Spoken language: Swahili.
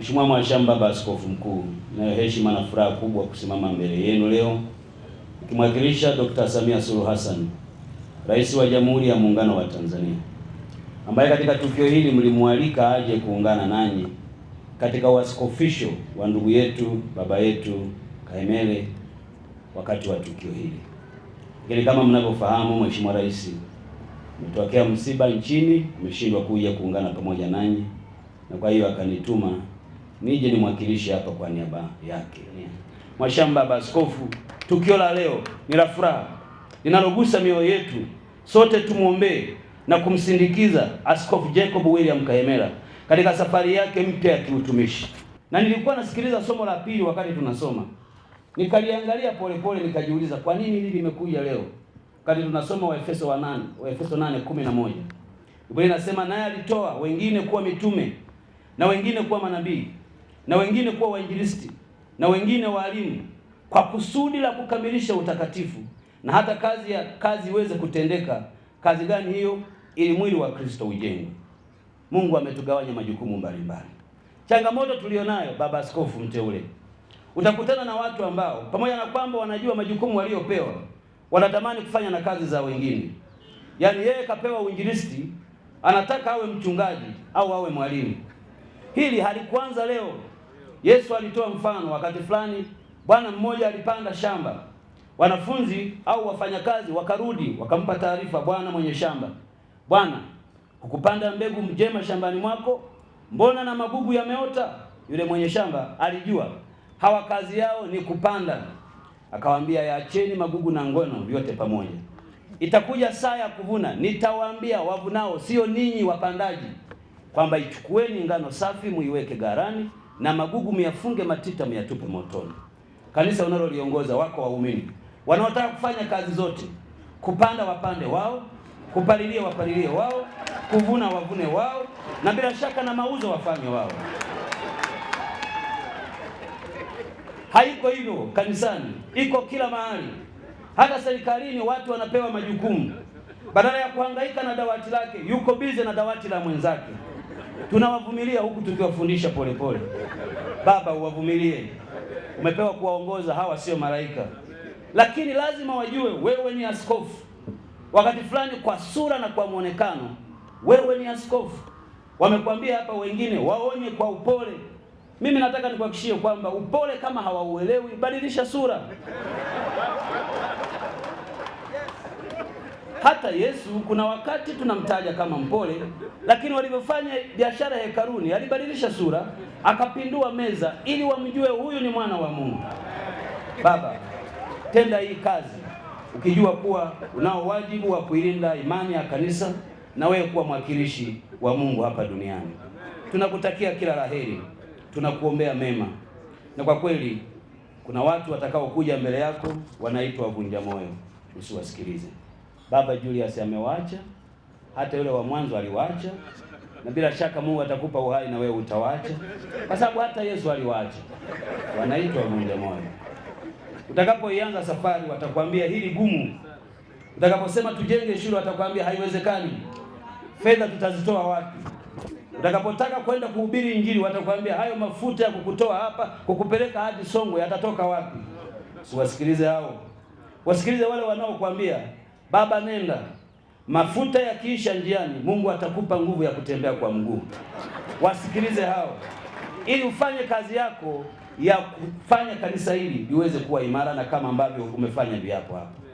Mheshimiwa mwashamba Baba Askofu Mkuu, nayo heshima na furaha kubwa kusimama mbele yenu leo ukimwakilisha Dr. Samia Suluhu Hassan, Rais wa Jamhuri ya Muungano wa Tanzania, ambaye katika tukio hili mlimwalika aje kuungana nanyi katika uaskofisho wa ndugu yetu baba yetu Kaemele wakati wa tukio hili. Lakini kama mnavyofahamu, Mheshimiwa Rais umetokea msiba nchini, ameshindwa kuja kuungana pamoja nanyi, na kwa hiyo akanituma nije nimwakilishe hapa kwa niaba yake. Mwashamba, Baba Askofu, tukio la leo ni la furaha linalogusa mioyo yetu sote. Tumwombee na kumsindikiza Askofu Jacob William Kahemera katika safari yake mpya ya kiutumishi. Na nilikuwa nasikiliza somo la pili wakati tunasoma, nikaliangalia polepole, nikajiuliza kwa nini hili limekuja leo wakati tunasoma Waefeso wa nane, Waefeso nane kumi na moja Biblia inasema naye alitoa wengine kuwa mitume na wengine kuwa manabii na wengine kuwa wainjilisti na wengine waalimu kwa kusudi la kukamilisha utakatifu na hata kazi ya kazi iweze kutendeka. Kazi gani hiyo? Ili mwili wa Kristo ujengwe. Mungu ametugawanya majukumu mbalimbali. Changamoto tulionayo, baba askofu mteule, utakutana na watu ambao pamoja na kwamba wanajua majukumu waliopewa wanatamani kufanya na kazi za wengine. Yaani yeye kapewa uinjilisti, anataka awe mchungaji au awe mwalimu. Hili halikuanza leo. Yesu alitoa mfano. Wakati fulani bwana mmoja alipanda shamba, wanafunzi au wafanyakazi wakarudi wakampa taarifa bwana mwenye shamba, bwana, hukupanda mbegu njema shambani mwako, mbona na magugu yameota? Yule mwenye shamba alijua hawa kazi yao ni kupanda, akawaambia yaacheni magugu na ngono vyote pamoja, itakuja saa ya kuvuna, nitawaambia wavunao, sio ninyi wapandaji, kwamba ichukueni ngano safi muiweke gharani na magugu myafunge, matita myatupe motoni. Kanisa unaloliongoza wako waumini wanaotaka kufanya kazi zote, kupanda wapande wao, kupalilia wapalilie wao, kuvuna wavune wao, na bila shaka na mauzo wafanye wao. Haiko hivyo kanisani, iko kila mahali. Hata serikalini watu wanapewa majukumu, badala ya kuhangaika na dawati lake, yuko bize na dawati la mwenzake tunawavumilia huku tukiwafundisha polepole. Baba, uwavumilie, umepewa kuwaongoza hawa, sio malaika, lakini lazima wajue wewe ni askofu. Wakati fulani kwa sura na kwa mwonekano wewe ni askofu. Wamekwambia hapa wengine waonye kwa upole. Mimi nataka nikuhakishie kwamba upole kama hawauelewi, badilisha sura. Hata Yesu kuna wakati tunamtaja kama mpole, lakini walivyofanya biashara hekaluni, alibadilisha sura, akapindua meza ili wamjue huyu ni mwana wa Mungu. Baba, tenda hii kazi ukijua kuwa unao wajibu wa kuilinda imani ya kanisa na wewe kuwa mwakilishi wa Mungu hapa duniani. Tunakutakia kila laheri, tunakuombea mema, na kwa kweli kuna watu watakaokuja mbele yako wanaitwa wavunja moyo, usiwasikilize. Baba Julius amewacha, hata yule wa mwanzo aliwacha, na bila shaka Mungu atakupa uhai na wewe utawacha, kwa sababu hata Yesu aliwacha. Wanaitwa bunde moja. Utakapoianza safari watakwambia hili gumu. Utakaposema tujenge shule watakwambia haiwezekani, fedha tutazitoa wapi? Utakapotaka kwenda kuhubiri Injili watakwambia hayo mafuta ya kukutoa hapa kukupeleka hadi Songwe yatatoka wapi? Usiwasikilize hao, wasikilize wale wanaokuambia baba, nenda, mafuta yakiisha njiani, Mungu atakupa nguvu ya kutembea kwa mguu. Wasikilize hao, ili ufanye kazi yako ya kufanya kanisa hili liweze kuwa imara, na kama ambavyo umefanya viapo hapo.